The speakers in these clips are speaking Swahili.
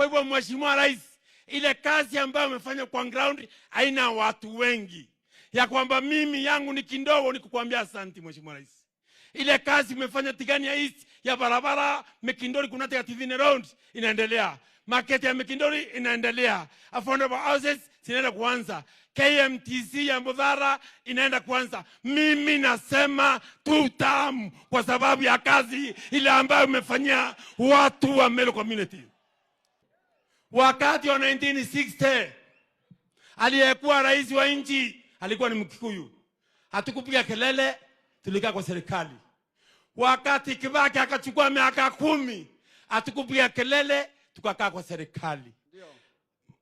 Kwa hivyo, Mheshimiwa Rais, ile kazi ambayo amefanya kwa ground haina watu wengi, ya kwamba mimi yangu ni kindogo, ni kukuambia asanti Mheshimiwa Rais. Ile kazi umefanya Tigania East ya barabara Mekindori kunatega Tivine Round inaendelea, market ya Mekindori inaendelea, affordable houses zinaenda kuanza, KMTC ya Mbudhara inaenda kuanza. Mimi nasema tutamu kwa sababu ya kazi ile ambayo umefanyia watu wa Melo community. Wakati wa 1960 aliyekuwa rais wa nchi alikuwa ni Mkikuyu. Hatukupiga kelele, tulikaa kwa serikali. Wakati Kibaki akachukua miaka kumi, hatukupiga kelele, tukakaa kwa serikali.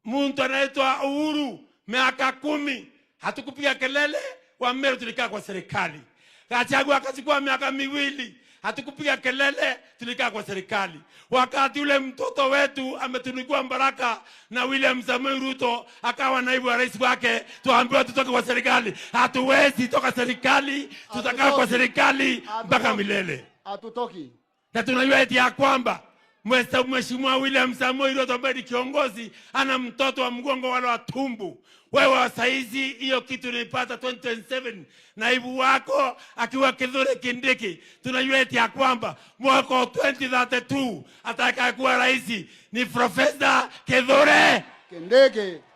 Muntu anaitwa Uhuru miaka kumi, hatukupiga kelele, Wameru tulikaa kwa serikali. Gachagua akachukua miaka miwili hatukupiga kelele, tulikaa kwa serikali. Wakati ule mtoto wetu ametunukiwa baraka na William Samoei Ruto akawa naibu wa rais wake, tuambiwa tutoke kwa serikali. Hatuwezi toka serikali, tutakaa kwa serikali mpaka milele, hatutoki. Na tunajua eti ya kwamba Mheshimiwa William Samoei Ruto ambaye ni kiongozi ana mtoto wa mgongo wala wa tumbo. Wewe saizi hiyo kitu nilipata 2027 naibu wako akiwa Kithure Kindiki, tunajua eti ya kwamba mwaka 2032 atakayekuwa rais ni Profesa Kithure Kindiki.